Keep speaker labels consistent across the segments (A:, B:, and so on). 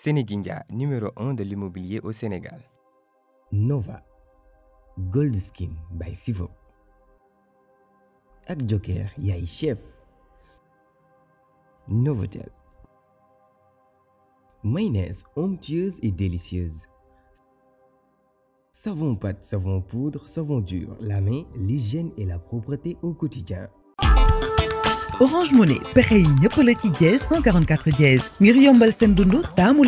A: Sénéguindia, numéro 1 de l'immobilier au Sénégal. Nova, Gold Skin by Sivo. Ak Joker Yai chef. Novotel. Mayonnaise onctueuse et délicieuse. Savon pâte, savon poudre, savon dur, la main, l'hygiène et la propreté au quotidien.
B: Orange Money Perey yi 144 dièse Miriam yombal Dundu, Tamou,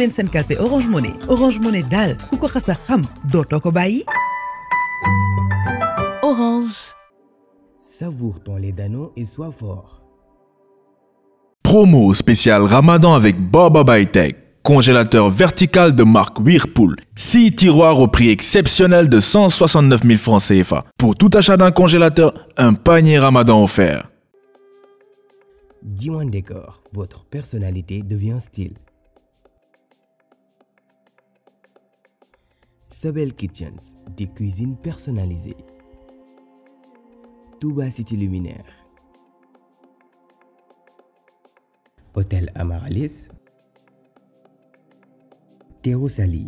B: Orange Money Orange Money dal, Koukoura, ko Doto, Kobayi.
A: Orange. Savoure ton lait et sois fort.
C: Promo spécial Ramadan avec Baba Tech. Congélateur vertical de marque Weirpool. 6 tiroirs au prix exceptionnel de 169 000 francs CFA. Pour tout achat d'un congélateur, un panier Ramadan offert.
A: Diwan Décor, votre personnalité devient style. Sobel Kitchens, des cuisines personnalisées. Touba City Luminaire. Hôtel Amaralis. Terosali.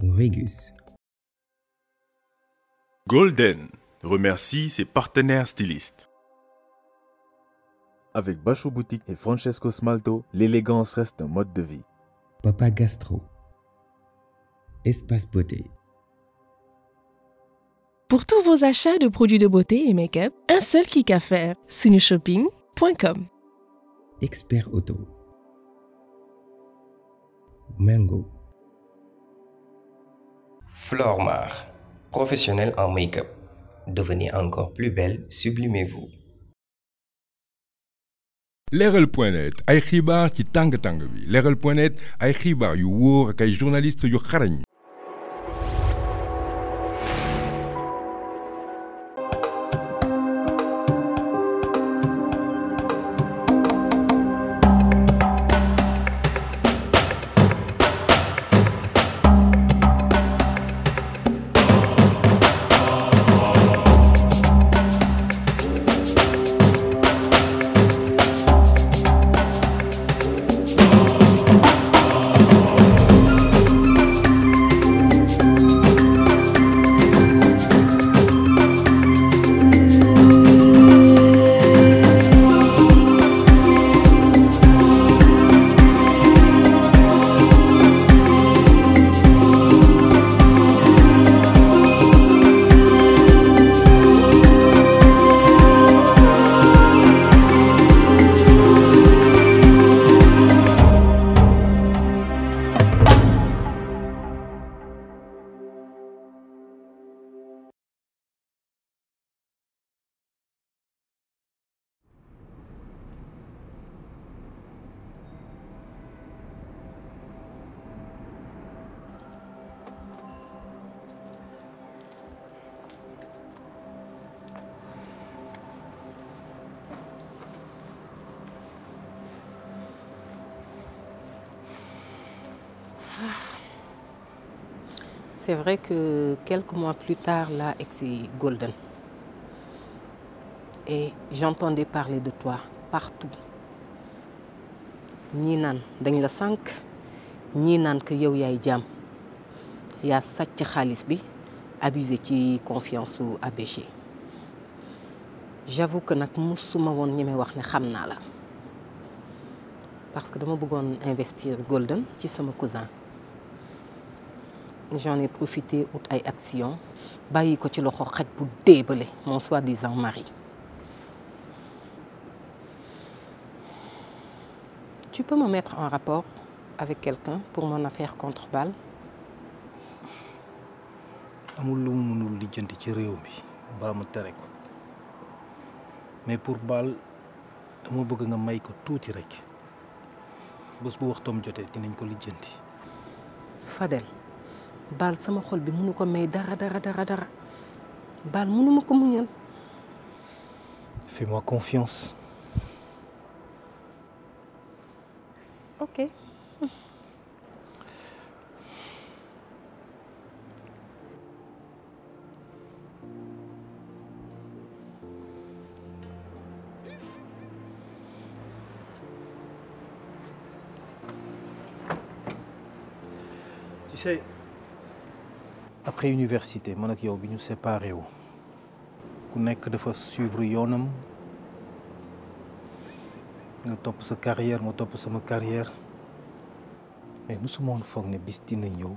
A: Regus.
C: Golden remercie ses partenaires stylistes. Avec Bacho Boutique et Francesco Smalto, l'élégance
A: reste un mode de vie. Papa Gastro. Espace Beauté.
D: Pour tous vos achats de produits de beauté et make-up, un seul clic à faire, sunushopping.com.
A: Expert Auto. Mango. Flormar, professionnel en make-up. Devenez encore plus belle, sublimez-vous. leeral point
E: net ay xibaar ci tàng tàng bi leeral point net ay xibaar yu wóor ak ay journaliste yu xarañ
B: C'est vrai que quelques mois plus tard, là, c'est Golden. Et j'entendais parler de toi partout. Ninan, dans dañ la tu que yow Y'a abusé confiance ou j'avoue que je musuma suis pas wax pas parce que dama investir Golden ci sama cousin j'en ai profité ut ay action bàyyi laissé ci loxo pour pour déebale mon soi-disant mari tu peux me mettre en rapport avec quelqu'un pour mon affaire contre Bâle
C: amul lu mu mënul ce ci réew mi mu tere ko mais pour Bâle dama bëgg nga may ko tuuti rek bés bu waxtoom jotee dinañ ko faire..!
B: Fadel Bal sama xol bi munu ko may dara dara dara dara
C: fais-moi confiance. ok. Tu sais après université man ak yow bi ñu séparé wu ku nekk dafa suivre yoonam nga topp sa carrière ma topp sama carrière mais mosuma woon foog bis dina ñëw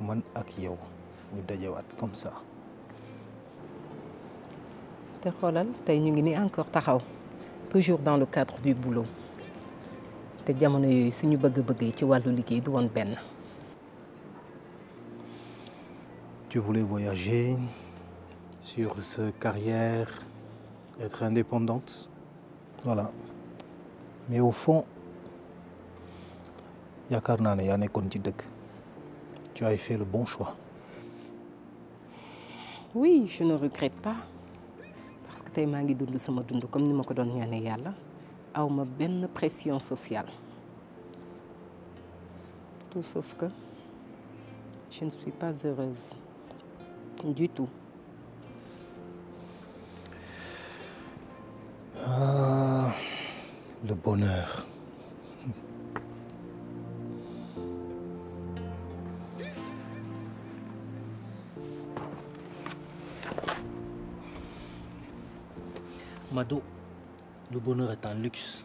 C: man ak yow ñu dajewaat comme ça.
B: te xoolal tey ñu ngi ni encore taxaw toujours dans le cadre du boulot te jamono yooyu suñu bëgg-bëgg ci wàllu liggéey du woon benn. tu voulais voyager sur ce carrière,
C: être indépendante. Voilà. Mais au fond, il y ne Tu as fait le bon choix.
B: Oui, je ne regrette pas. Parce que tu es un ça, comme pression sociale. Tout sauf que je ne suis pas heureuse. Du tout.
C: Ah, le bonheur. Mado, le bonheur est un luxe.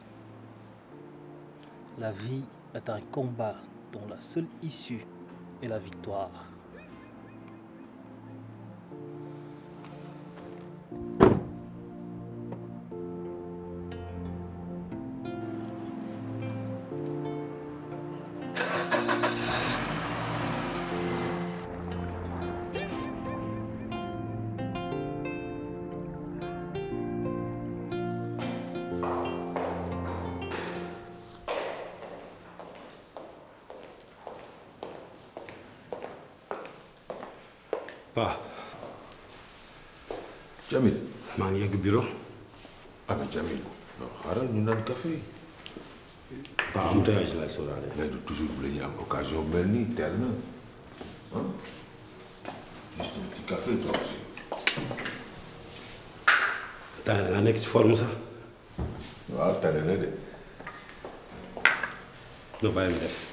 C: La vie est un combat dont la seule issue est la victoire.
F: باه جميل ماني يكبره أنا جميل خارا من الكافي باه أنت يا جلال
E: سوراني لا يدو تجول بلني أم أوكازيون ملني تالنا ها جستو كافي تروسي
F: تالنا نكس فورمسا
E: لا تالنا دي
F: نو باي ملف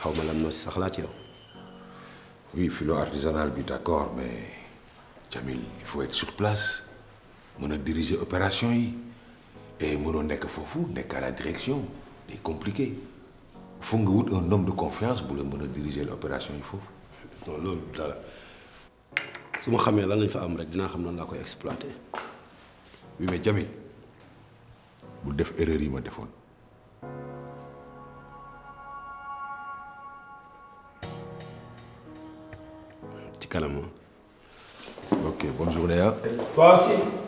F: xaw ma lan moo si sa oui filo artisanal bi d'accord mais Jamil il faut être sur place mën a
E: diriger opération yi et mënoo nekk foofu nekk à la direction C'est compliqué Il nga wut un homme de confiance pour le
F: diriger l'opération yi foofu. non loolu dara su ma xamee lan lañ fa am rek Je xam noonu laa oui mais Jamil bu def erreur yi ma calme kanam hein. ok bonne journée ah. toi aussi.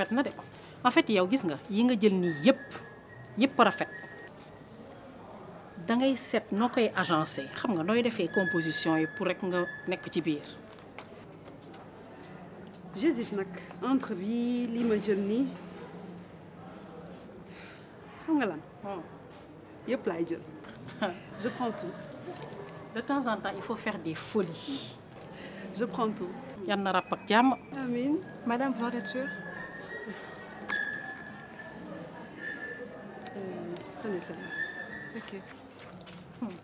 D: rafet na de en fait yow gis nga yi nga jël ni yëpp yëpp rafet da ngay set noo koy agencé xam nga nooy defee composition yi pour rek nga nekk ci biir. j'hésite nag entre bi li ma jël xam nga lan. Hmm. yëpp laay jël. je prends tout. de temps en temps il faut faire des folies. je prends tout. yal na ràpp ak jàmm. Amin, madame vous en êtes sûre. celle-là. ok. Hmm.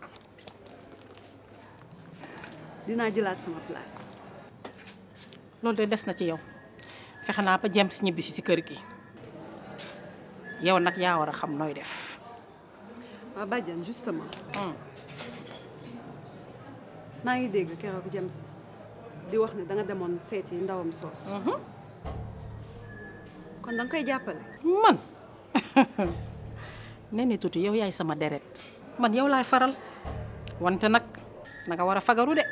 D: dinaa jëlaat sama place. loolu de des na ci yow fexe pa jëm ci ñibisi ci kër gi yow nak ya wara xam noy def. waa badjan justement. Hmm. maa ngi dégg keroog James di wax ne nga demone séti ndawam sos. Hmm. kon dang kay jappalé. man. nene tutu yow yaay sama deret man yow lay faral wante nak naga wara fagaru de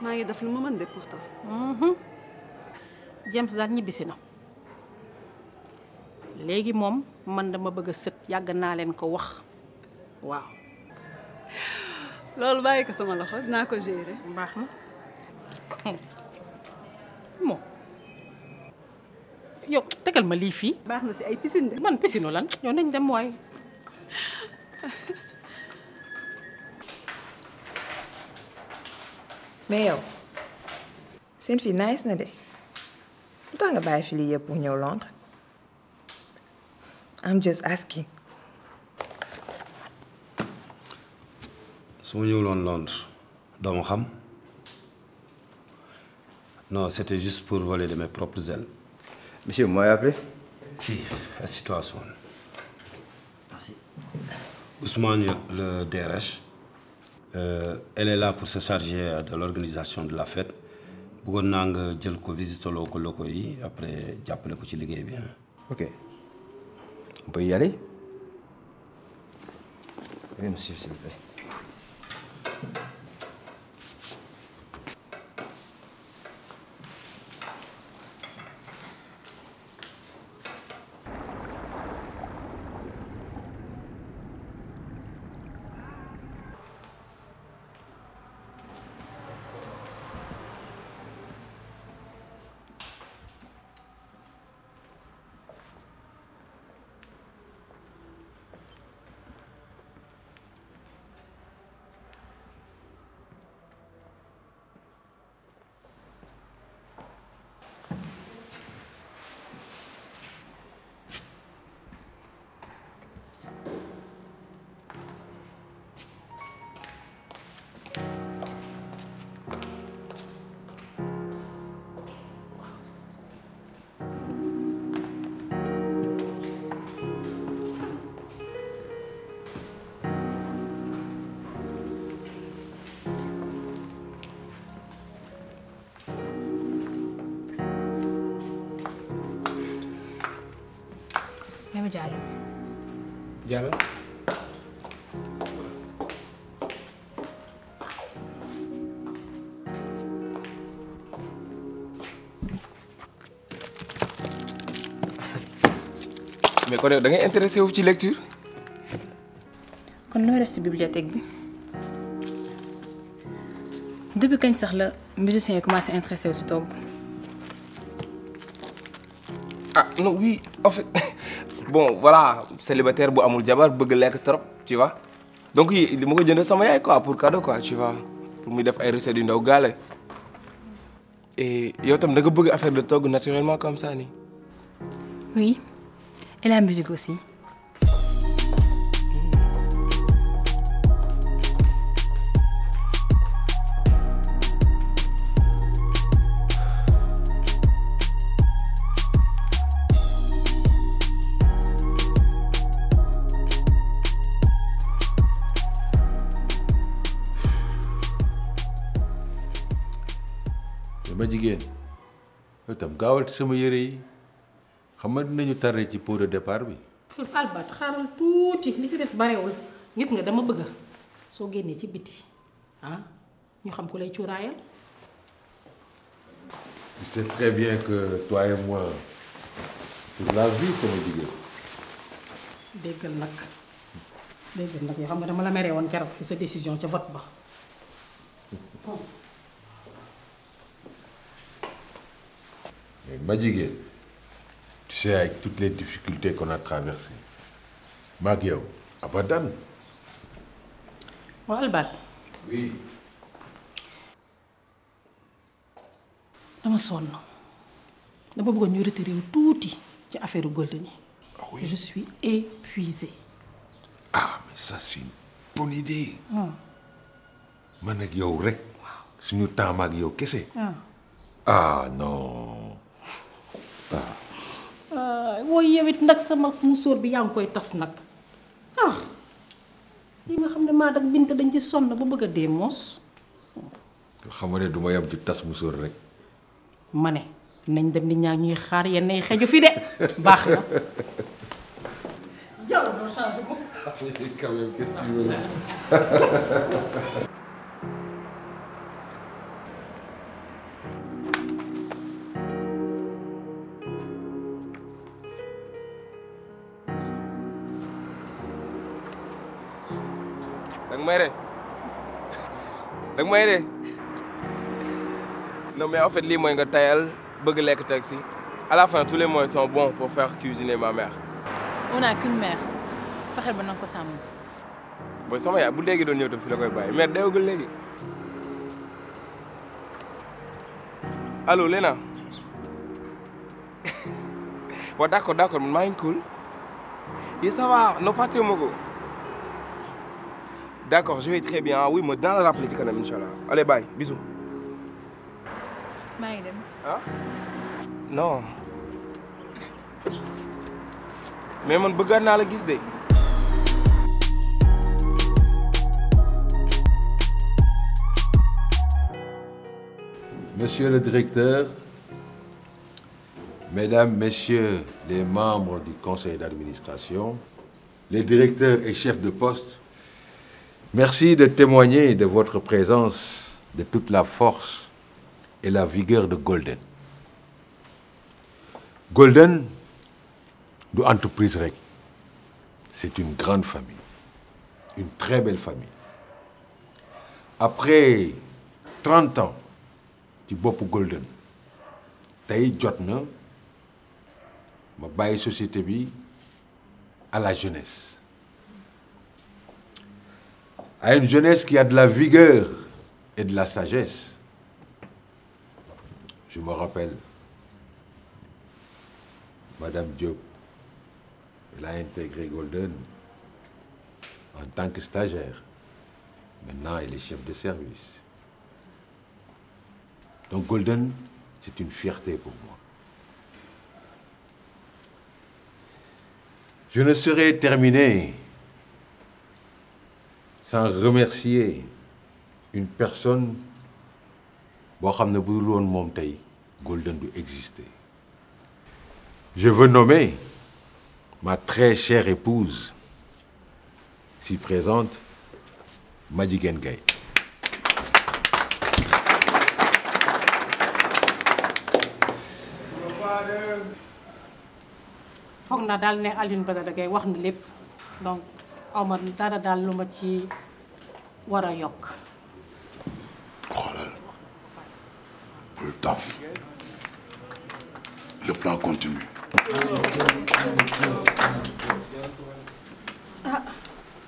D: ma ngi def lu ma mën de pourtant mhm. james dal ñibisina legi mom, man dama bëgg a yag na naa leen ko wax waaw loolu bàyyi ko sama loxo dina ko gérer baxna hmm. moom yow tegal ma lii fii. baax na si ay piscine man piscine lan ñoo nañ dem
A: waaye. mais yow seen fii nice na de lu tax nga bàyyi fi lii yëpp pour ñëw Londres I'm just asking.
F: su ma ñëwuloon Londres doo xam. Non, c'était juste pour voler de mes propres ailes. Monsieur, vous m'avez appelé Si, assieds-toi, Ousmane. Merci. Ousmane, le DRH, euh, elle est là pour se charger de l'organisation de la fête. Je nga ko visite après j'appelle le bien. Hein. ok on peut y aller
A: oui monsieur s'il vous plaît
D: మేము జాలం
C: జాలం
G: mais kon yow da ngay intéressé wu ci lecture.
D: kon looy res ci bibliothèque bi depuis kañ sax la musiciens yi commencé intéressé wu ci toog.
G: ah non oui en fait. bon voilà célibataire bu amul jabar bëgg lek trop tu vois donc il ma ko jënd sama yaay quoi pour cadeau quoi tu vois pour muy def ay recettes yu ndaw galé et yow tam da nga bëgg affaire de togg naturellement comme ça ni.
D: oui et la musique aussi.
E: itam gawal ci sama yéré yi xam nga dinañu tardé ci pot de départ bi.
D: Albat xaaral tuuti li si des barewul gis nga dama bëgg so génné ci biti han ah, ñu xam ku lay cuuraayal.
E: tu très bien que toi et moi pour la vie sama jigéen.
D: déggal nak déggal nak yoo xam nga dama la méré won keroog ci sa décision ci vote ba.
E: Mais Madjigé, tu sais, avec toutes les difficultés qu'on a traversées, Magyao, Abadan.
D: Walbat. Oui. dama sonn dama bëggoon ñu retiré wu ci affaire Golden Goldeni. ah oui je suis épuisée.
E: ah mais ça c'est une bonne idée. Hum. man ak yow rek. suñu temps ak yow kese. Hum. ah non.
D: waaw. Ah, wooy yow nag sama musóor bi yaa ngi koy tas nag ah li nga xam ne maa ak bint dañ ci sonn ba bëgg a dee moos.
E: xam nga ne du ma yem tas musóor rek.
D: ma ne nañ dem ni ñaa ñuy xaar yenn ay xeju fi de baax na.
G: mooy de non mais en fait les mooy nga tayal bëgg lekk taxi à la fin tous les moyens sont bons pour faire cuisiner ma mère.
D: on a qu'une mère Faire bon na ko sàmm.
G: booy sama yaay bu léegi doon ñëw tam fi la koy bàyyi mère deewagul léegi Allô Lena. waaw d' accord d' cool yi ça va no fàttewuma ko. D'accord, je vais très bien. Ah oui, mais dans la politique, Allez, bye, bisous.
D: Maïdem. Hein?
G: Non. Mais mon bagarre n'a le guise de.
E: Monsieur le directeur, Mesdames, Messieurs les membres du conseil d'administration, les directeurs et chefs de poste, Merci de témoigner de votre présence, de toute la force et la vigueur de Golden. Golden, de entreprise c'est une grande famille, une très belle famille. Après 30 ans du pour Golden, Taï Jotna, ma baille société à la jeunesse à une jeunesse qui a de la vigueur et de la sagesse. Je me rappelle, Madame Diop, elle a intégré Golden en tant que stagiaire. Maintenant, elle est chef de service. Donc Golden, c'est une fierté pour moi. Je ne serai terminé sans remercier une personne qui a été bu dul woon Golden exister je veux nommer ma très chère épouse si présente Madjiguène Gaye
D: foog naa daal je Alioune Badara Gaye wax na lépp donc Omar dara dal luma ci wara yok xolal
E: pour taf le plan continue
D: ah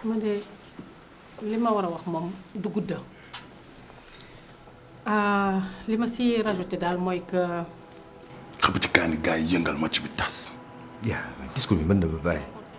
D: ma de lima wara wax mom du gudda ah lima si rajouté dal moy que
E: xam ci kan gaay yi yëngal ma ci bi tass
A: ya discours bi man na ba bare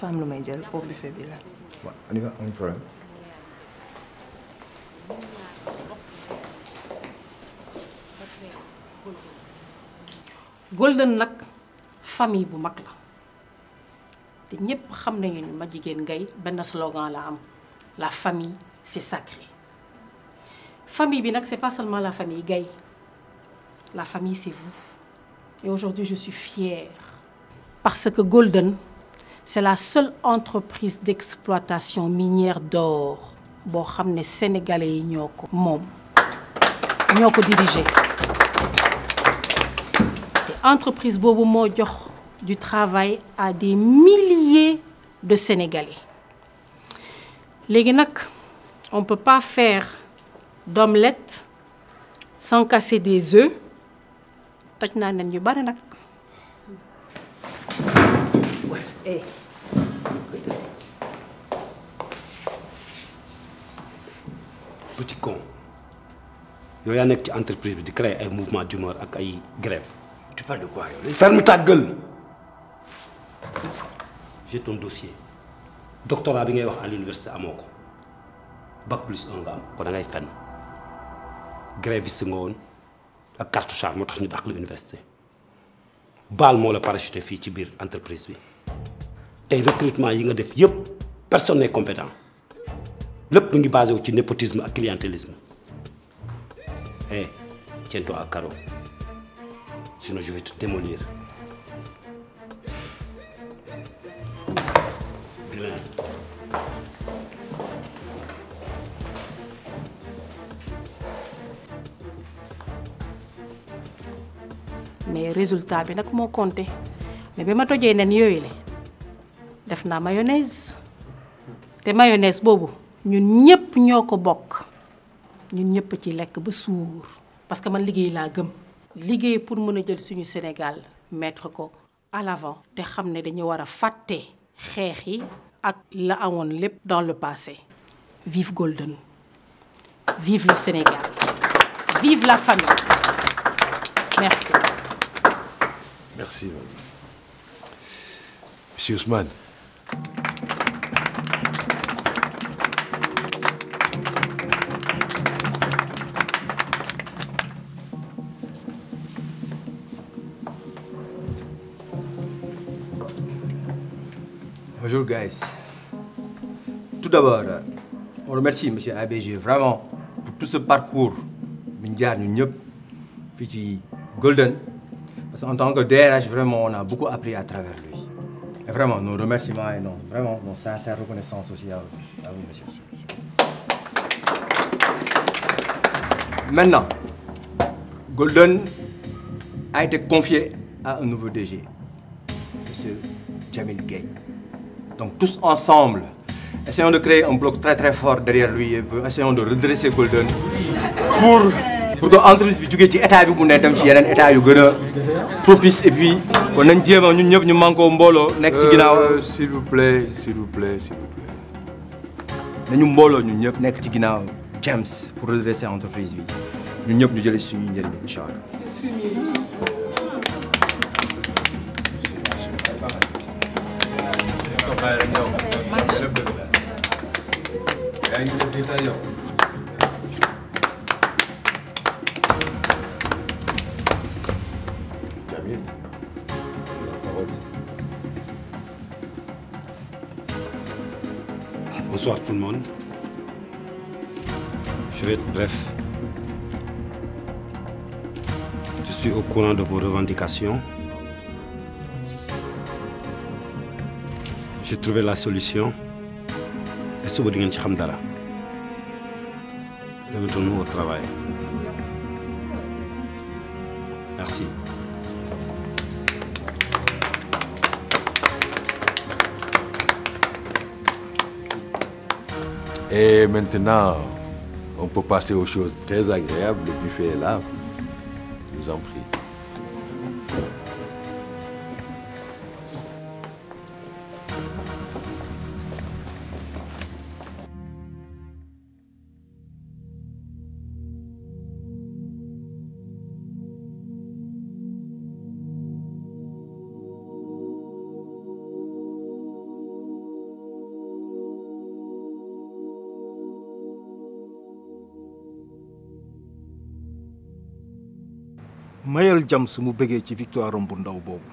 D: femme am lu may jël boobu buffet bi la.
A: va.. on y va amul problème.
D: Golden la famille bu mag la tout le xam nañu que ma jigéen ngay un slogan la am la famille c'est sacré famille ce n'est c'est pas seulement la famille gay. la famille c'est vous et aujourd'hui je suis fière parce que Golden c'est la seule entreprise d'exploitation minière d'or qui a sénégalais nioko mom entreprise du travail à des milliers de sénégalais On ne on peut pas faire d'omelette sans casser des œufs Eh.
F: petit con yow yaa nekk ci entreprise bi di créer ay mouvement d'humeur ak ay grève tu parles de quoi ferme ta gueule j'ai ton dossier doctorat bi tu à l'université à ko bac plus un gars, am kon da Grève fenn gréviste nga woon ak l'université. moo tax ñu dàq l'université..! université baal la parachuté entreprise le recrutement yi nga def yëpp personne n'est compétent lépp mu ngi basé wu ci népotisme le clientélisme eh, tiens-toi à carreau sinon je vais te démolir.
D: mais le résultat bi nag moo compté mais bi ma tojee nen yooyu def naa mayonnaise te mayonnaise boobu ñun ñëpp ñoo ko bokk ñun ñëpp ci lekk ba suur parce que man liggéey laa gëm. liggéey pour mën a jël suñu Sénégal maître ko à l'avant te xam ne dañu war a fàtte xeex yi ak la amoon lépp dans le passé. vive Golden vive le Sénégal vive la famille merci.
E: merci Monsieur Ousmane.
A: Tout d'abord, on remercie M. ABG vraiment pour tout ce parcours Golden. Parce qu'en tant que DRH, vraiment, on a beaucoup appris à travers lui. Et vraiment, nos remerciements et non, vraiment, nos sincères reconnaissances aussi à vous, monsieur. Maintenant, Golden a été confié à un nouveau DG, M. Jamil Gay. Donc tous ensemble, essayons de créer un bloc très très fort derrière lui et essayons de redresser Golden pour pour que l'entreprise propice et puis a ñun euh, s'il vous plaît s'il vous plaît s'il vous plaît. James pour redresser l'entreprise. Nous ñun ñëpp
F: Bonsoir tout le monde. Je vais être bref. Je suis au courant de vos revendications. J'ai trouvé la solution. Et ce que nous au travail. Merci. Et
E: maintenant, on peut passer aux choses très agréables. Le buffet est là. Je vous en prie.
C: mayal jam su mu bëggee ci victoire am bu ndaw boobu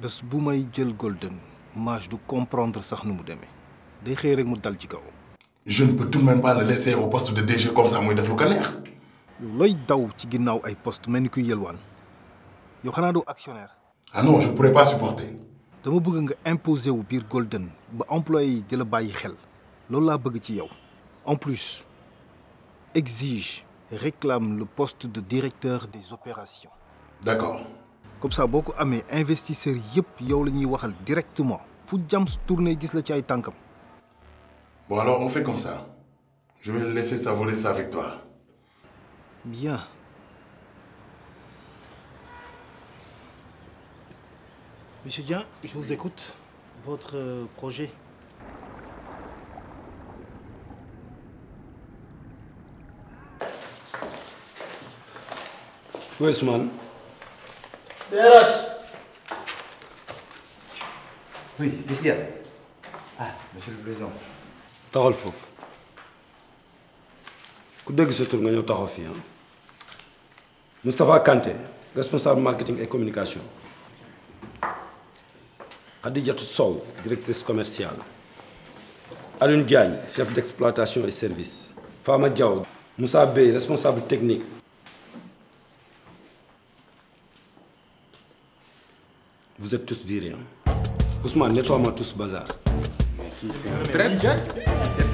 C: bés bu may jël golden mage du comprendre sax nu mu démé day xëy rek mu dal ci kaw. je ne peux tout même pas le laisser au poste de DG comme ça moy def lu ko neex. looy daw ci ginnaw ay poste melni kuy yel wal yo xana do actionnaire. ah non je pourrais pas supporter. dama bëgg nga imposer wu biir golden ba employé yi di la bàyyi xel loolu laa bëgg ci yow en plus exige réclame le poste de directeur des opérations. D'accord. Comme ça, beaucoup amé investisseurs yep yow lañuy directement. Faut jam tourner gis la
E: Bon alors on fait comme ça. Je vais ça laisser savourer avec toi..!
C: Bien. Monsieur Dian, je vous écoute. Votre euh, projet Oui, est Ousmane DRH
A: Oui, qu'est-ce qu'il y a Ah, monsieur le président.
F: taxal Fouf. ku ce là nga ñëw taxaw hein? Kanté responsable marketing et communication Adija Sow directrice commerciale Alun Diagne chef d'exploitation et service Fama Diaw Moussa Bey responsable technique vous êtes tous virés. Hein. Ousmane, nettoie-moi tout ce bazar. Mais qui c'est Très bien.